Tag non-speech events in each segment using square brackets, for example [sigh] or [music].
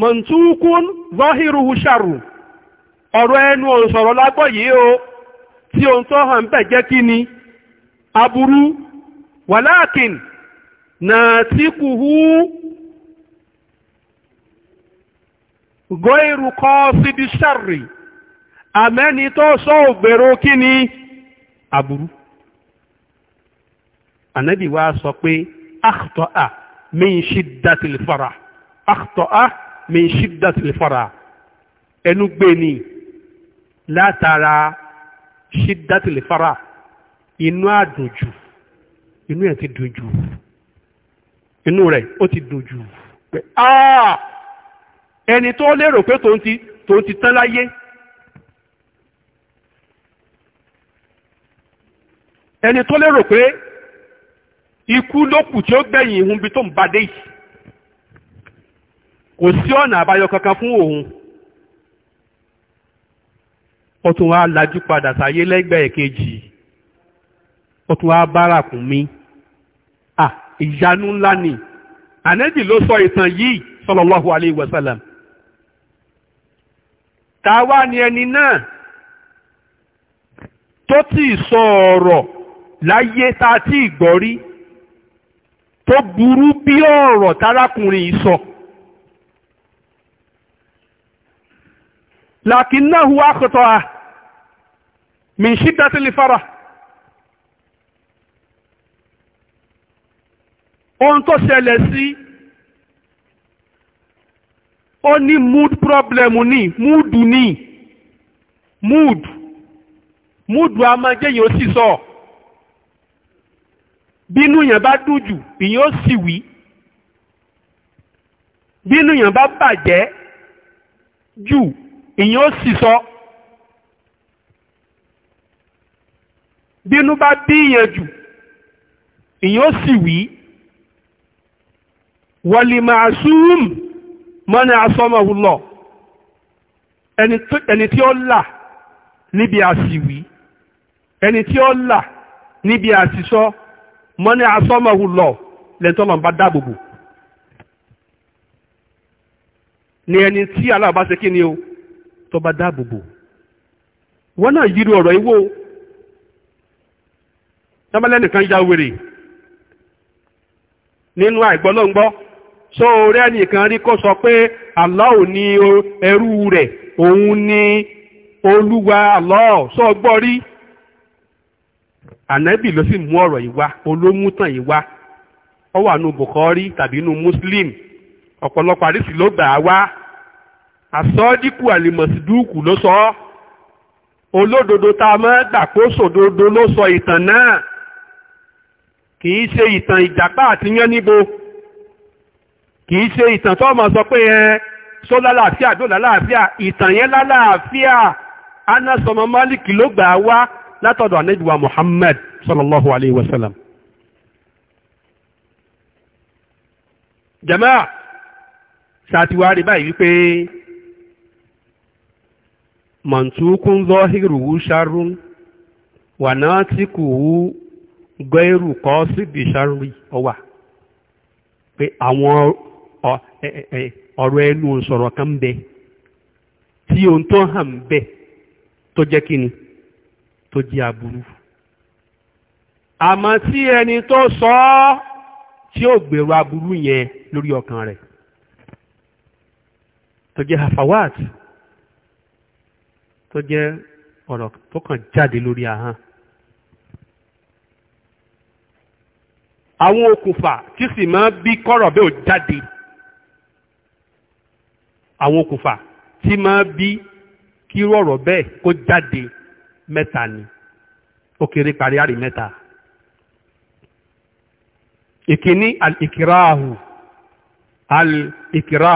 mọ̀ntúnkún zọ́hírù ṣàrù ọ̀rọ̀ ẹnu òǹsọ̀rọ̀ lágbọ́ yìí o tí ohun tó hàn bẹ̀ jẹ́ kí ni aburú wàláàkìn nàtíkùhú gọ́ìrù kọ́ síbi ṣàrì àmẹ́ni tó sọ ògbèrò kí ni aburú ànábì sọ pé akhtọ́à min shiddatil farah akhtọ́à min shiddatil fara ẹnu gbé ni látara shiddatil fara inú àdùnjù inú ẹ̀ ti dùn jù inú rẹ̀ ó ti dùn jù pé ah! ẹni tó lérò pé tòun ti tòun ti tán láyé ẹni tó lérò pé ikú ló kù tí ó gbẹ̀yìn ìhun bí tó ń ba dé yìí kò sí ọ̀nà àbáyọ kankan fún òun ó tún wá lajú padà sáyé lẹ́gbẹ̀ẹ́ kejì ó tún wá mi à ìyanu ńlá ni ànẹ́jì ló sọ ìtàn yìí sallallahu alayhi wa sallam ta wá ni ẹni náà tó ti sọ ọ̀rọ̀ láyé tá ti gbọ́ tó burú bí ọ̀rọ̀ tárákùnrin yìí So لكنه أخطأ من شدة الفرح ohun tó ṣẹlẹ̀ sí ó ní mood problem ní mood ní mood mood a máa jẹ́yìn ó sì sọ bínú yẹn bá dùn jù ìyẹn ó sì wí bínú yẹn bá bàjẹ́ jù ìyẹn ó sì sọ bínú bá bí ìyẹn jù ìyẹn ó sì wí wọlìmàṣúùm mọ́ni asọ́mọ̀wúlọ̀ ẹni tí ó là níbi àsìwí ẹni tí ó là níbi àsìsọ mọ́ni asọ́mọ̀wúlọ̀ lẹ́tọ́lọ̀ bá dáàbòbò ni ẹni tí aláàbá ṣe kí ni o tó bá dáàbò bò wọ́n náà yíró ọ̀rọ̀ ìwó tọ́bálẹ́nìkan ya wèrè nínú àìgbọ́lọ́ngbọ́ so orí ẹnìkan rí kó sọ pé Allah ni ẹrú rẹ̀ òun ni olúwa Allah sọ gbọ́ rí ànábì ló sì mú ọ̀rọ̀ yìí wá olómútàn yìí wá ó wà rí tàbí nù Muslim ọ̀pọ̀lọpọ̀ àdìsí ló gbà á wá àsọdíkù àlìmọ̀sídùkù ló sọ olódodo tá a máa gbà kó sòdodo ló sọ ìtàn náà kì í ṣe ìtàn ìjàpá àti yán níbo kì í ṣe ìtàn tó ọmọ sọ pé ẹ só lálàáfíà dó lálàáfíà ìtàn yẹn lálàáfíà Anas ọmọ Málìkì ló gbà wá látọ̀dọ̀ ànẹ́dùwà Muhammad sallallahu alayhi wa sallam. jama ṣàtiwárí báyìí wípé mantukun zahiruhu sharrun wa natikuhu gairu qasidi sharri ó wà pé àwọn ọ̀rọ̀ ẹnu sọ̀rọ̀ kan ń bẹ tí ohun tó hàn ń bẹ tó jẹ́ kíni tó jẹ́ aburú àmọ́ eni ẹni tó sọ ọ́ tí ó gbèrò aburú yẹn lórí ọkàn rẹ̀ tó jẹ́ hafawat tó jẹ́ ọ̀rọ̀ tó kàn jáde lórí ahọ́n. àwọn okùnfà tí sì máa bí kọ́rọ̀ bẹ́ẹ̀ ò jáde àwọn okùnfà tí máa bí kí rọ̀rọ̀ bẹ́ẹ̀ kó jáde mẹ́ta ni ó kéré parí àrí mẹ́ta ìkíní al-ikrahu al-ikra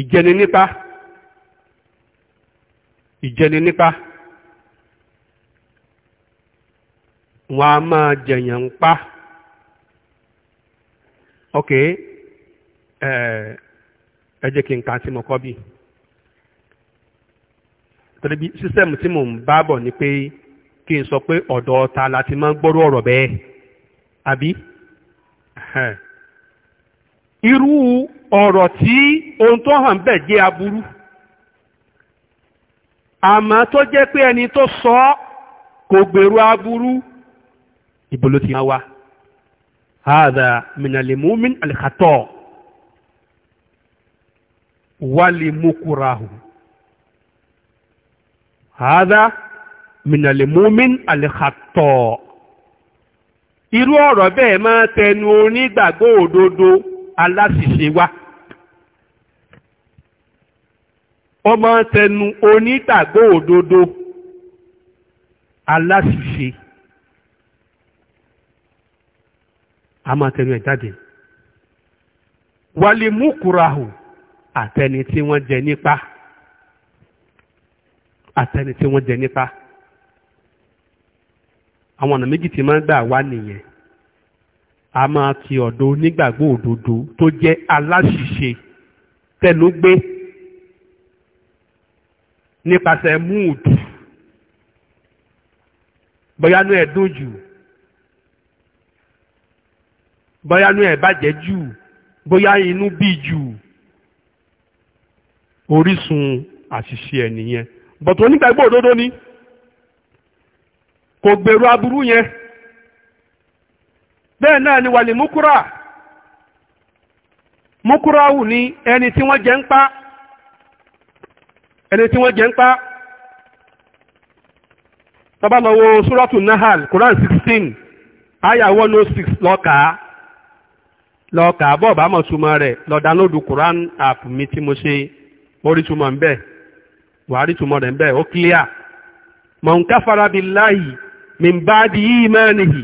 ìjẹni nípa. ìjẹni nípa wọn a máa jẹyàn ń pa ok ẹ jẹ́ kí n kà tí mo kọ bí torí bí sísẹ́mù tí mò ń bá bọ̀ ni pé kí n sọ pé ọ̀dọ̀ ọ̀ta la ti máa ń ọrọ ọ̀rọ̀ bẹ́ẹ̀ àbí irú ọ̀rọ̀ tí ohun tó hàn bẹ́ẹ̀ jẹ́ aburú. àmọ́ tó jẹ́ pé ẹni tó sọ ọ́ kò gbèrú aburú ibo ló ti máa wá hadha minalimu min alikatọ walimukurahu hadha minalimu min alikatọ irú ọ̀rọ̀ bẹ́ẹ̀ máa tẹnu onígbàgbọ́ òdodo aláṣìṣe wá. ó máa ń tẹnu onígbàgbọ́ òdodo aláṣìṣe a máa tẹnu ẹ̀ jáde wálé múkúrahù àtẹni tí wọ́n jẹ nípa àtẹni tí wọ́n jẹ nípa àwọn ọ̀nà méjì tí máa ń gbà wá nìyẹn a máa ti ọ̀dọ̀ onígbàgbọ́ òdodo tó jẹ́ aláṣìṣe tẹnu gbé nípasẹ̀ mood bóyá inú ẹ̀ dùn jù bóyá inú ẹ̀ bàjẹ́ jù bóyá inú bí jù orísun àṣìṣe ẹ̀ nìyẹn bọ̀tún onígbàgbọ́ òdodo ni kò gbèrú aburú yẹn bẹ́ẹ̀ náà ni wà ní mukura múkúrà wù ní ẹni tí wọ́n jẹ ń pa. ẹni tí wọ́n jẹ ń nahal quran sixteen aya one oh six bọ́ọ̀bá mọ̀ rẹ̀ lọ dánlódù Quran app mi tí mo ṣe orí túmọ̀ ńbẹ̀ wàá rí túmọ̀ rẹ̀ ńbẹ̀ ó kafara billahi min ba'di imanihi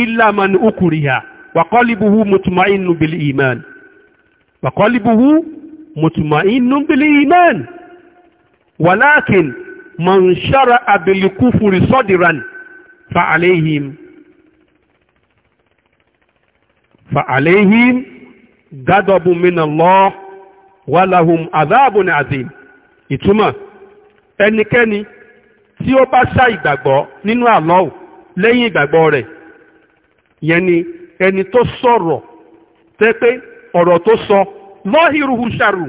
illa man ukriha wa qalbuhu mutma'innun bil iman wa mutuma mutma'innun bil iman. walakin man shara'a bil kufri sadran fa alayhim fa alayhim ghadabun min Allah wa lahum adhabun azim ìtumọ̀ ẹnikẹ́ni enikeni ó bá ṣá ìgbàgbọ́ nínú Allah lẹ́yìn ìgbàgbọ́ rẹ̀ yẹn ni eni tó sọ̀rọ̀ tẹ́ pé ọ̀rọ̀ tó sọ lọ́hìrùhù ṣàrù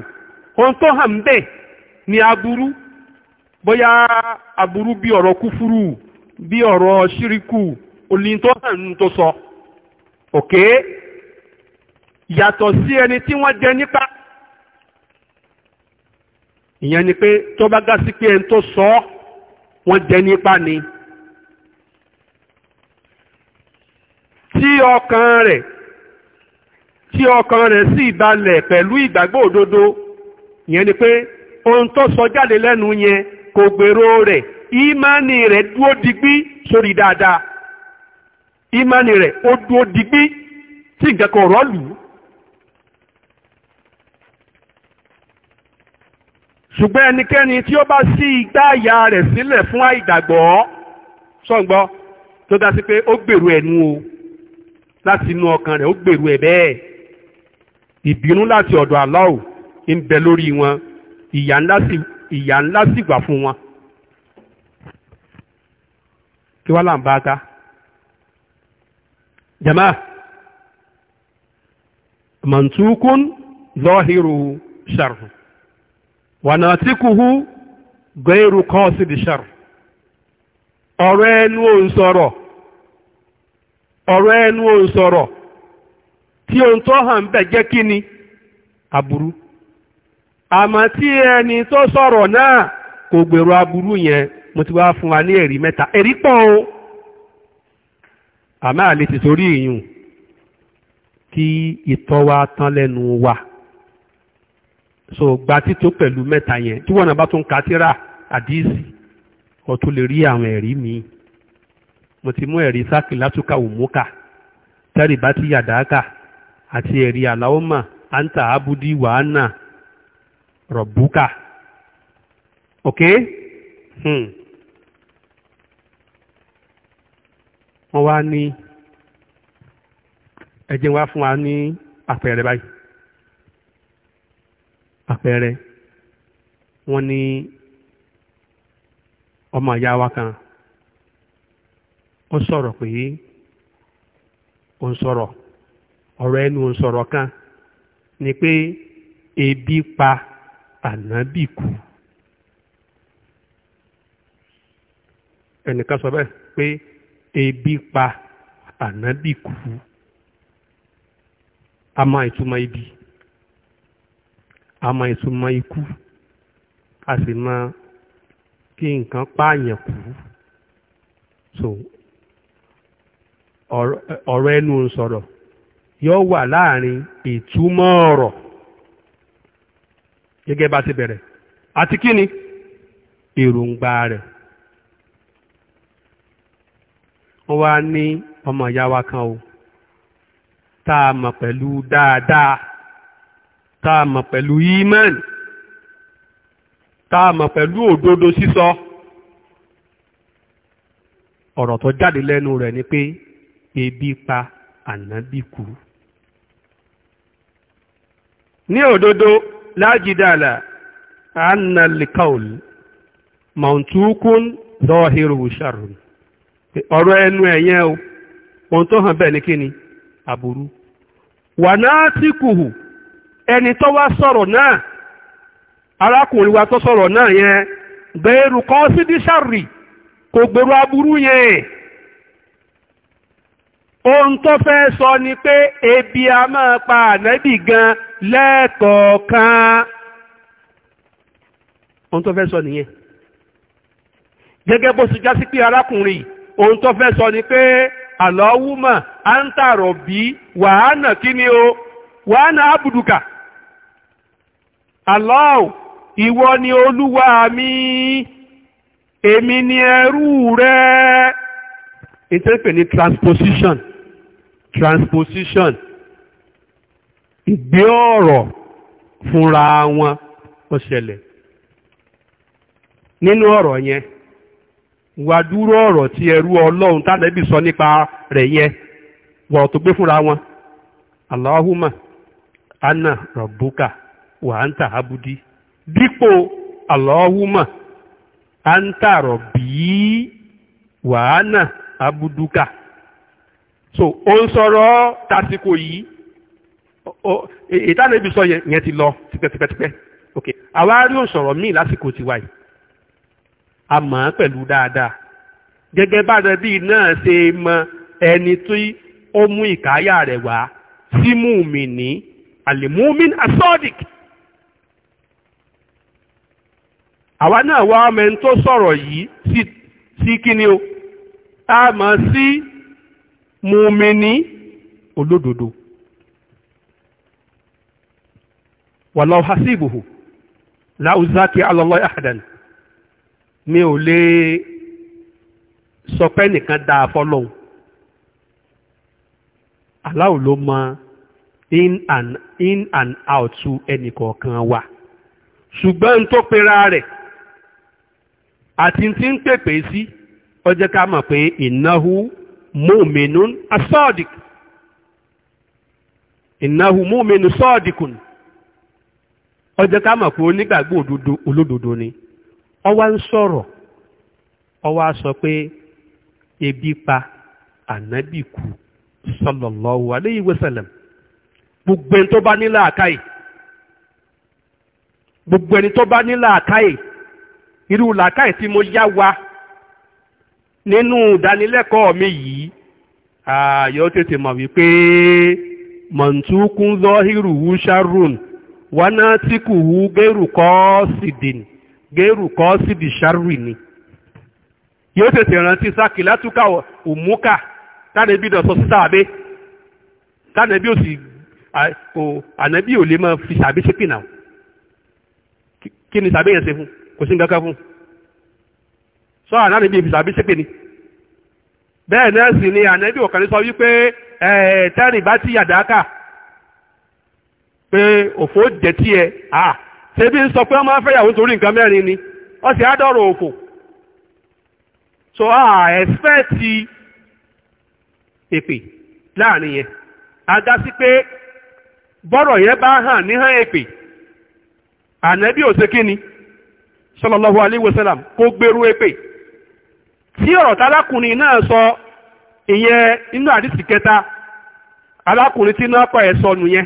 ohun tó hàn bẹ́ẹ̀ ni aburú bóyá aburú bí ọ̀rọ̀ kúfúrú bí ọ̀rọ̀ ṣíríkù olùtọ́sàn tó sọ òkè yàtọ̀ sí ẹni tí wọ́n jẹ nípa ìyẹn ni pé tó bá gá sí pé ẹni tó sọ wọ́n jẹ nípa ni tí ọkàn rẹ̀ tí ọkàn rẹ̀ sì balẹ̀ pẹ̀lú ìgbàgbọ́ òdodo ìyẹn ni pé ohun tó sọ jáde lẹ́nu yẹn kò gbèrò rẹ̀ ìmánì rẹ̀ dúró digbí sórí dáadáa ìmánì rẹ̀ ó dúró digbí tí nǹkan kan rọ́ lù ú. ṣùgbọ́n ẹnikẹ́ni tí ó bá ṣí igbá àyà rẹ̀ sílẹ̀ fún àìgbàgbọ́ sọ̀gbọ́ tó dá sí pé ó gbèrú ẹ̀nu o láti inú ọkàn rẹ̀ ó gbèrú ẹ̀ bẹ́ẹ̀ ìbínú láti ọ̀dọ̀ Allah ń bẹ lórí wọn ìyà ńlá sì ìyà ńlá sì fún wọn kí wá là ń bá ká jama mantukun zahiru sharhu wa natikuhu gairu qasidi sharhu ọ̀rọ̀ ẹnu tí hàn bẹ̀ àmọ́ tí ẹni tó sọ̀rọ̀ náà kò gbèrò aburú yẹn mo ti wá fún wa ní ẹ̀rí mẹ́ta ẹ̀rí pọ̀ o àmọ́ àlè ti sórí kí ìtọ́ wa tán lẹ́nu wa so gba tító pẹ̀lú mẹ́ta yẹn tí wọ́n bá tún ka àdíìsì ó lè rí àwọn ẹ̀rí mi mo ti mú ẹ̀rí sákì látúkà tẹ́rì bá ti yàdáàkà àti ẹ̀rí àláwọ́mà àǹtà rọ̀bùkà ok hmm. wọ́n wá ní ẹ̀jẹ̀ wá fún wa ní àpẹẹrẹ báyìí àpẹẹrẹ wọ́n ní ọmọ ìyá wa kan ó sọ̀rọ̀ pé ó ń sọ̀rọ̀ ọ̀rọ̀ ẹnu ń sọ̀rọ̀ kan ni pé ebi pa. ànábì kú ẹnìkan sọ bẹ́ẹ̀ pé ebi pa ànábì kú a máa ibi a máa ìtumọ̀ ikú a sì máa kí nǹkan pààyàn kú so ọrọ ẹnu ń sọ̀rọ̀ yóò wà láàrin ìtumọ̀ ọ̀rọ̀. gẹ́gẹ́ bá ti bẹ̀rẹ̀ àti kí ni èròǹgbà rẹ̀ wọ́n wá ní ọmọ ìyá wa kan o tá a mọ̀ pẹ̀lú dáadáa tá a mọ̀ pẹ̀lú imán tá a mọ̀ pẹ̀lú òdodo sísọ ọ̀rọ̀ tó jáde lẹ́nu rẹ̀ ni pé ebi pa ànábì kú ní òdodo لا جدال أن القول منطوق ظاهره شر ọ̀rọ̀ ẹnu ẹ̀yẹn o ohun tó hàn bẹ́ẹ̀ ni kí ni àbúrú wà náà tí hù ẹni tó wá sọ̀rọ̀ náà arákùnrin wa tó sọ̀rọ̀ náà yẹn gbèrú kọ́ sí dísàrì kò gbèrú aburú yẹn ohun tó fẹ́ sọ ni pé ebi a máa pa ànábì gan-an lẹ́ẹ̀kọ̀ọ̀kan ohun tó fẹ́ sọ nìyẹn gẹ́gẹ́ bó ṣe já sí pé arákùnrin ohun tó fẹ́ sọ ni pé àlọ́wúmọ̀ à ń tààrọ̀ bí wàhánà kí ni o wàhánà ábùdùkà àlọ́ ìwọ ni olúwa mi èmi ni ẹrú rẹ ìtẹ́pẹ̀ ni transposition transposition ìgbé ọ̀rọ̀ fúnra wọn ó ṣẹlẹ̀ nínú ọ̀rọ̀ yẹn wà dúró ọ̀rọ̀ ti ẹrú ọlọ́run tàbí sọ nípa rẹ̀ yẹn wọ̀rọ̀ tó gbé fúnra wọn anna rabbuka wa anta abudi dípò anta rabbi wa abuduka so ó ń sọ̀rọ̀ tásìkò ìtànẹ́bí e, e, sọ yẹn ti lọ tipẹ́tipẹ́tipẹ́ ok àwa rí òṣòro míì lásìkò tiwa yìí a mọ̀ ọ́n pẹ̀lú dáadáa gẹ́gẹ́ bá rẹ bíi náà ṣe mọ ẹni tí ó mú ìkáyà rẹ̀ wá sí mùmìnì àlèmúmin asọ́dìk àwa náà wá ọmọ ẹni tó sọ̀rọ̀ yìí sí kíni o a mọ̀ sí mùmìnì olódodo. wàlọ́ hasibuhu láwùzákì alọ́lọ́ àdàn mi ò lè sọ pé nìkan dá fọ́lọ́un fọ́lọ́hun aláwo ló mọ in and in and out to ẹnì kọ̀ọ̀kan wa ṣùgbọ́n tó pera rẹ̀ àti tí ń pèpè sí ọjọ́ ká mọ̀ pé ìnáhu múminú asọ́ọ̀dìkù ìnáhu sọ́ọ̀dìkù. ó jẹ́ ká mọ̀ pé onígbàgbọ́ olódodo ni ọ wá ń sọ̀rọ̀ ọ wá sọ pé ebi pa ànábì kú sallallahu alayhi wa sallam gbogbo ẹni tó bá ní làákàyè gbogbo ẹni tó bá ní làákàyè irú làákàyè tí mo yá wa nínú ìdánilẹ́kọ̀ọ́ mi yìí ààyò tètè mọ̀ wípé mọ̀ntúkún lọ́hírù wúṣárùn. wọnà tí kò hu gẹ́rù kọ́ sídìn gẹ́rù kọ́ sídì sáré ni yóò tètè rántí sákì látúkà òmùkà táde bí dọ̀sọ sí sàbẹ táde bí òsì kò ànábì ò lè máa fi sàbẹ ṣépè náà kí ni sàbẹ yẹn ṣe fún kò sí nǹkan fún sọ ànábì fi sàbẹ ṣépè ni bẹ́ẹ̀ náà sì ni ànábì ọ̀kan ní sọ wípé ẹ̀ẹ́dẹ́rìn bá ti yàdáká. pé òfò jẹ́ tí ẹ à ṣebí ń sọ pé wọ́n máa ń fẹ́yàwó torí nǹkan mẹ́rin ni ọ sì á dọ̀rọ̀ òfò so a expect èpè láàrin yẹn àga sí pé bọ́rọ̀ yẹn bá hàn níhàn èpè ànábì ò ṣe kíni sallallahu alaihi wasallam gbèrú èpè tí ọ̀rọ̀ tálákùnrin náà sọ ìyẹn inú àdìsí kẹta alákùnrin tí náà kọ̀ ẹ̀ sọnù yẹn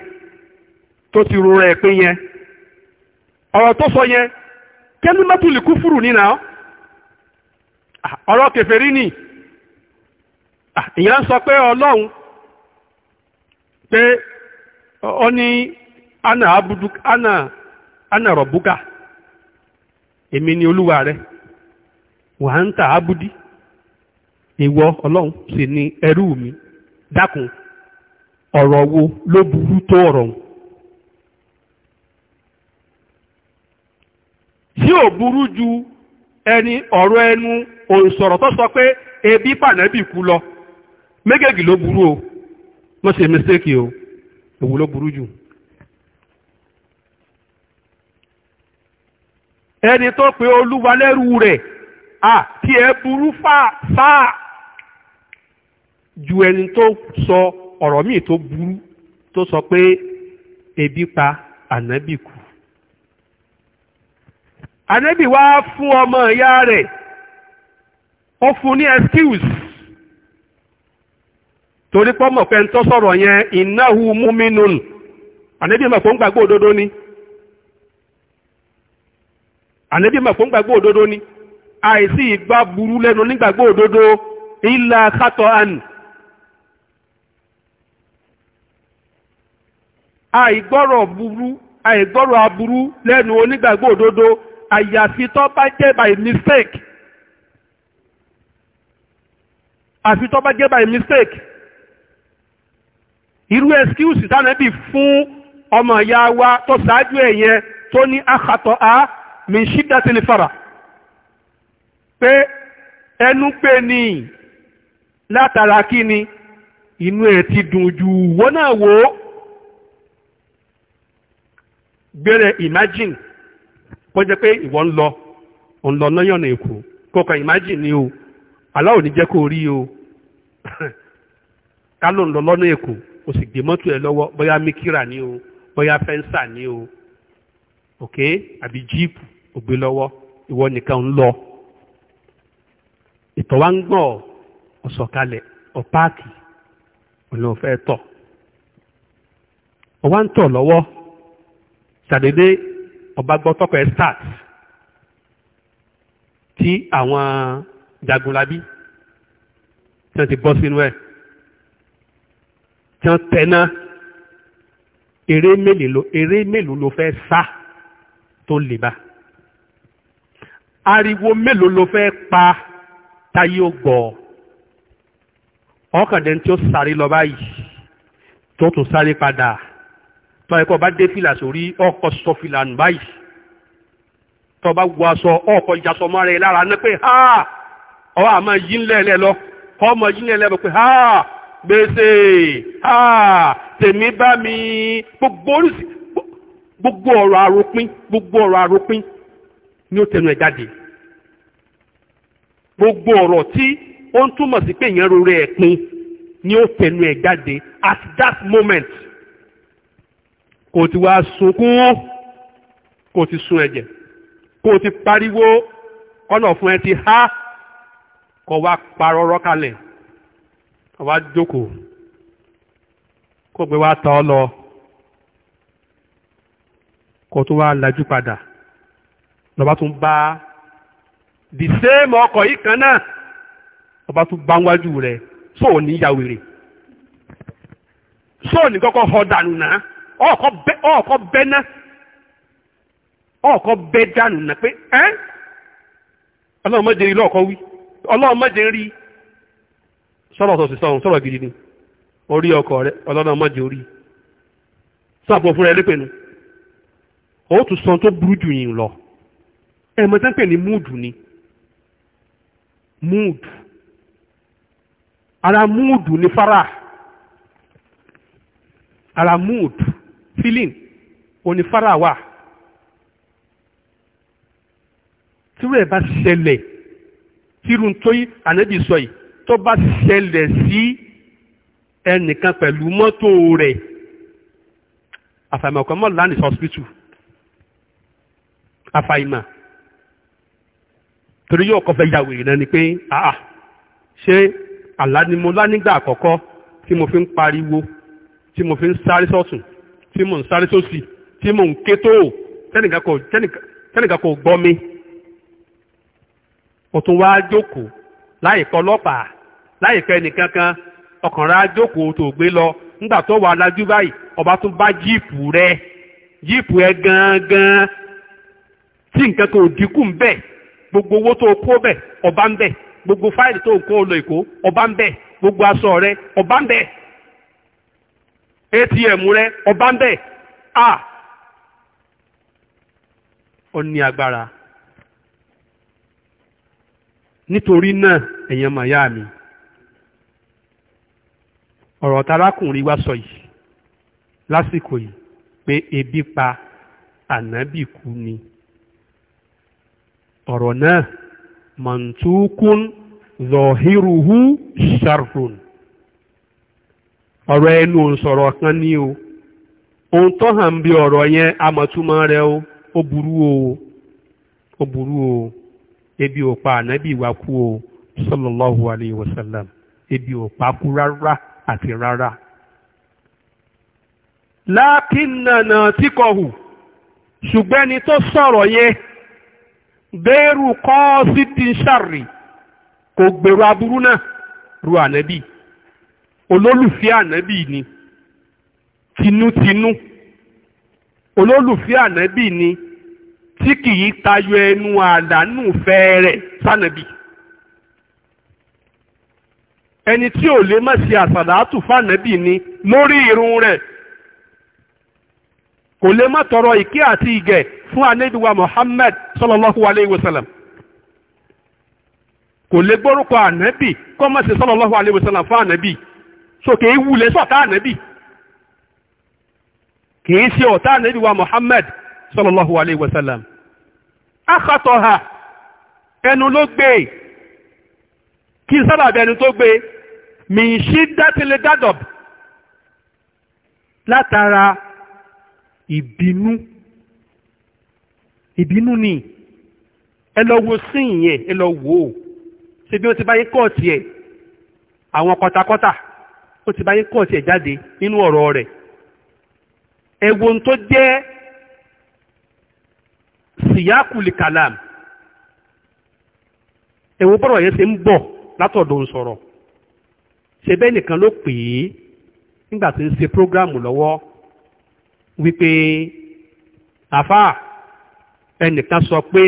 tó ti rora ẹ̀ pé yẹn ọ̀rọ̀ tó sọ yẹn kẹ́límọ́tòlì kúfùrù nínà ah, ọ̀rọ̀ ni ah, ìyẹn ń sọ pé ọlọ́run pé ọ ní ana abudu ana ana rọ̀bùkà èmi ni olúwa rẹ wà ń ta abudi ìwọ ọlọ́run sì ni ẹrú mi dákun ọ̀rọ̀ wo ló burú tó tí ò burú ju ẹni ọ̀rọ̀ ẹnu òǹsọ̀rọ̀ tó sọ pé ebi pànẹ́bì kú lọ méjèèjì ló burú o wọ́n se mistake o owu ló burú jù. ẹni tó pe olúwa lẹ́rú rẹ̀ à tí ẹ burú ju ẹni tó sọ ọ̀rọ̀ míì tó burú tó sọ pé ebi pa ànábì kú. ànábì wá fún ọmọ ìyá rẹ̀ ó fún ní excuse torí pọ́mọ̀ pé ń tọ́ sọ̀rọ̀ yẹn ìnáhu múmínún ànábì mọ̀ pé ń gbàgbọ́ òdodo ni ànábì mọ̀ pé ń gbàgbọ́ òdodo ni àìsí ìgbà burú lẹ́nu nígbàgbọ́ òdodo ìlà kátọ̀ àní àìgbọ́rọ̀ burú àìgbọ́rọ̀ aburú lẹ́nu onígbàgbọ́ òdodo àyàfi tó bá jẹ́ by mistake àfi tó bá jẹ́ by mistake irú excuse tánàbí fún ọmọ ìyá wa tó ṣáájú ẹ̀yẹn tó ní àkàtọ̀ á min ṣídà tí lè fara pé ẹnu pé ní látara kí ni inú ẹ̀ ti dùn jù wọ́n náà wò ó gbére imagine kó jẹ́ pé ìwọ ń lọ ń lọ náyànnà èkó kọkàn ìmájì ni o aláwọ̀ ní jẹ́ kó rí o [laughs] ká ló ń lọ lọ́nà èkó o sì gbé mọ́tò ẹ lọ́wọ́ bóyá mikira ni o bóyá fẹ́ńsà ni o ok àbí jíìpù ò gbé lọ́wọ́ ìwọ nìkan ń lọ ìtọ̀ wa ń gbọ́ ọ̀sọ̀kalẹ̀ ọ̀páàkì ọ̀nà òfẹ́ tọ̀ ọ̀wá ń tọ̀ lọ́wọ́ ṣàdédé ọba gbọ́ tọkọ ẹ̀ start tí àwọn jagunlabi tí wọ́n ti bọ́ sínú ẹ̀ tí wọ́n tẹná eré mélòó eré mélòó ló fẹ́ sá tó lè bá ariwo mélòó ló fẹ́ pa táyé ó gbọ́ ọkàn dẹni tí ó sáré lọ báyìí tó tún sáré padà tọ́ ẹ̀kọ́ bá dé fìlà sórí ọkọ̀ sọ fìlà nù báyìí tọ́ bá wọ aṣọ ọkọ̀ ìjàsọ mọ́ rẹ̀ lára ní pé ha ọwọ́ àmọ́ yí ńlẹ̀ẹ́lẹ̀ lọ kọ́ ọmọ yí ńlẹ̀ẹ́lẹ̀ lọ pé ha gbèsè ha tèmi bá mi gbogbo oríṣi gbogbo ọ̀rọ̀ àròpin gbogbo ọ̀rọ̀ àròpin ni ó tẹnu ẹ̀ jáde gbogbo ọ̀rọ̀ tí ó ń túmọ̀ sí pé ìyẹn rore ẹ̀ pin ni ó tẹnu ẹ̀ jáde at that moment kò ti wá sunkún kò ti sun ẹ̀jẹ̀ kò ti pariwo kọ́nà fún ẹ ti há kọ́ wá parọ́rọ́ kalẹ̀ kọ́ wá jókòó kó gbé wá ta ọ lọ kó tó wá lajú padà lọ́ba tún bá the same ọkọ̀ yìí kan náà lọ́ba tún bá wájú rẹ̀ sóò ní yàwèrè sóò ní kọ́kọ́ họ́ dànù náà ọ̀ọ̀kọ́ bẹ́ ná ọ̀ọ̀kọ́ bẹ́ dànù ná pé ẹ́ ọlọ́run mọ́jẹ rí lọ́ọ̀kọ́ wí ọlọ́run mọ́jẹ rí sọ̀rọ̀ sọ̀sì sọ̀rọ̀ sọ̀rọ̀ gidi ni orí ọkọ̀ rẹ ọlọ́run mọ́jẹ orí sáàbọ̀ fúnra ẹ lépè nu ó tún sọ tó burú jù yìí lọ ẹ mọ múùdù ni múùdù ara múùdù ni fara ara múùdù filin òní fara wà tírú ẹ̀ bá ṣẹlẹ̀ tírú tó yí ànábì sọ yìí tó bá ṣẹlẹ̀ sí ẹnìkan pẹ̀lú mọ́tò rẹ̀ àfàìmọ̀ kan mọ́ lánìí hospital àfàìmọ̀ torí yóò kọ́ fẹ́ ya wèrè náà ni pé àà ṣé àlá ni mo lá nígbà àkọ́kọ́ tí mo fi ń pariwo tí mo fi ń sáré sọ́tún tí sarisosi ń sáré sósì tí mò ń ké tó tẹ́nìkan kò tẹ́nìkan kò gbọ́ mi ó tún wá jókòó láìpẹ́ ọlọ́pàá láìpẹ́ nìkan ọkàn rà jókòó tó gbé lọ nígbà tó wà lájú báyìí ọba tún bá jíìpù rẹ jíìpù ẹ gangan tí nǹkan kan ò dínkù ń bẹ gbogbo owó tó kó bẹ ọba ń bẹ gbogbo fáìlì tó ń kó lọ èkó ọba ń bẹ gbogbo aṣọ rẹ ọba ń bẹ. atm rẹ ọba ń bẹ̀ a ó ní agbára nítorí náà ẹ̀yàn màyá mi ọ̀rọ̀ tarákùnrin wa sọ yìí lásìkò yìí pé ebi pa ànábì kú ni ọ̀rọ̀ náà mọ̀ntúkún zọ̀hírùhù sharrun ọ̀rọ̀ ẹnu òǹsọ̀rọ̀ kan ní o ohun tó hàn bí ọ̀rọ̀ yẹn amọ̀túmọ̀ rẹ o ó burú o ó burú o ebi ò pa ànábì wa kú o sallallahu alayhi wa sallam ebi ò pa kú rárá àti rárá. lákìnnànà tí kò hù ṣùgbọ́n ẹni tó sọ̀rọ̀ yẹn bẹ́ẹ̀rù kọ́ sí ti ń ṣàrì kò gbèrú aburú náà ru ànábì. olólùfẹ́ ànábì ni tinútinú olólùfẹ́ ànábì ni tí kì í tayọ ẹnu àdánù fẹ́ẹ́rẹ́ sànábì ẹni tí ò lè má ṣe àsàlátù ni lórí irun rẹ̀ kò lè má tọrọ àti ìgẹ̀ fún anábìwa mohammed sallallahu wa kò lè gbórúkọ ànábì kọ́ má ṣe fún ànábì. so kì í wulẹ̀ sọ̀tá ànábì kì í ṣe ọ̀tá ànábì wa Muhammad sallallahu alayhi wa sallam akhatọ̀ ha ẹnu ló gbé kí n sábàbí ẹnu tó gbé mi ṣí dátìlẹ̀ dádọ̀b látara ìbínú ìbínú ni ẹ sí ìyẹn ẹ ṣe bí wọ́n ti bá kọ́ọ̀tì ẹ̀ àwọn kọtakọta ó ti bá yín kọ́ tiẹ̀ jáde nínú ọ̀rọ̀ rẹ̀ ẹ̀wọ̀n tó jẹ́ síyákùlì kàlàm ẹ̀wọ̀n bọ́rọ̀ yẹn ṣe ń bọ̀ látọ̀dọ̀ ń sọ̀rọ̀ ṣe bẹ́ẹ̀ nìkan ló pè é nígbà tí ń ṣe prógráàmù lọ́wọ́ wípé àfáà ẹnìkan sọ pé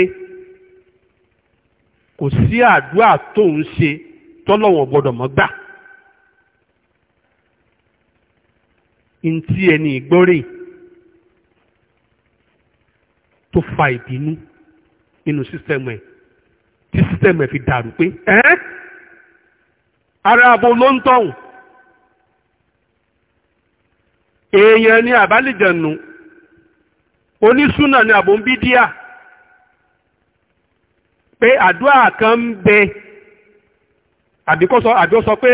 kò sí àdúrà tó ń ṣe tọ́lọ́wọ̀n gbọ́dọ̀ mọ́ gbà. ntí ẹni ìgbọ́rè tó fa ìbínú nínú sísẹ́mù ẹ̀ tí sísẹ́mù ẹ̀ fi dàrú pé ẹ́ ara abo ló ń tọ̀hún èèyàn ni àbálìjẹ̀nu onísúnà ni àbòǹbídíà pé àdúrà kan ń bẹ àbíkọ́ sọ pé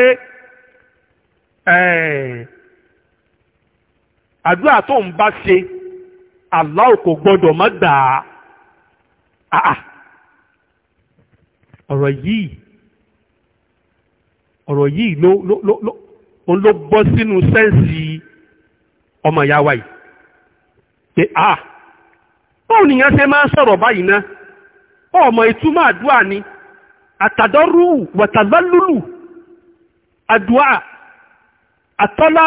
ẹ̀ẹ́ àdúrà tó ń bá ṣe Allah kò gbọ́dọ̀ má gbà á ọ̀rọ̀ yìí ọ̀rọ̀ yìí ló ló ló ló òun ló bọ́ sínú sẹ́ǹsì ọmọ ìyá wa yìí pé a báwo nìyẹn ṣe máa ń sọ̀rọ̀ báyìí ná ọmọ ìtumọ̀ àdúrà ni àtàdọ́rù wàtàlálùlù àdúrà àtọ́lá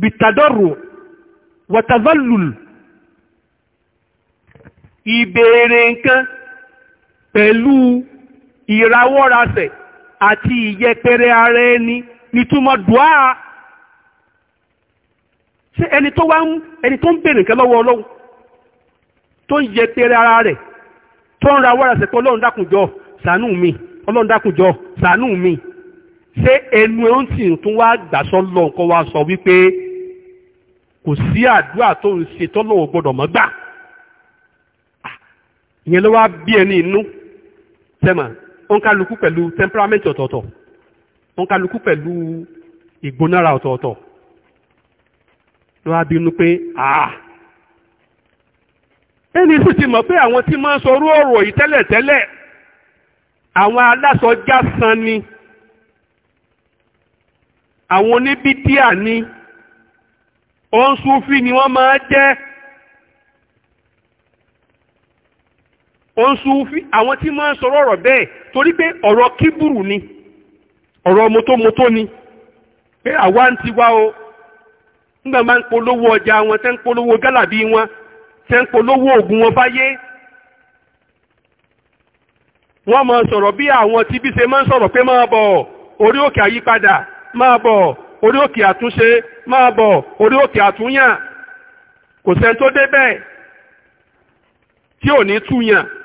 bìtàdọ́rù wọ̀tàvọ́lùl ìbéèrè nǹkan pẹ̀lú ìrawọ́rasẹ̀ àti ìyẹpẹrẹ ara ẹni nìtumọ̀ dùá ṣé ẹni tó wá ń ẹni tó ń béèrè nǹkan lọ́wọ́ ọlọ́run tó ń yẹpẹrẹ ara rẹ̀ tó ń rawọ́rasẹ̀ pé ọlọ́run dákùnjọ ṣàánú mi ọlọ́run ẹnu ẹ̀ ń tì tún wá gbà sọ́ lọ́nkọ́ wá sọ wípé kò sí àdúrà tó ń ṣe tọ́lọ́wọ́ gbọ́dọ̀ mọ́ gbà ah, ìyẹn ló wá bí ẹni inú tẹ́mà òǹkálukú pẹ̀lú temperament ọ̀tọ̀ọ̀tọ̀ òǹkálukú pẹ̀lú ìgbónára ọ̀tọ̀ọ̀tọ̀ ló wá bínú pé àà ah! ẹni sì ti mọ̀ pé àwọn tí máa ń sọrú ọ̀rọ̀ yìí tẹ́lẹ̀tẹ́lẹ̀ àwọn aláṣọjá ni àwọn oníbídíà ni òun súfì ni wọ́n máa jẹ́ òun súfì àwọn tí máa ń sọ̀rọ̀ ọ̀rọ̀ bẹ́ẹ̀ torí pé ọ̀rọ̀ kíbùrù ni ọ̀rọ̀ mọ́tòmọ́tò ni pé àwa ń tiwa o nígbà máa ń polówó ọjà wọn tẹ́ ń polówó gálàbí wọn tẹ́ ń polówó oògùn wọn fáyé wọ́n máa sọ̀rọ̀ bí àwọn tí bí ṣe máa ń sọ̀rọ̀ pé máa bọ̀ orí òkè àyípadà máa bọ̀ orí òkè àtúnṣe máa bọ̀ orí òkè àtúnyàn kò sẹ́ni tó débẹ̀ tí ò ní túyàn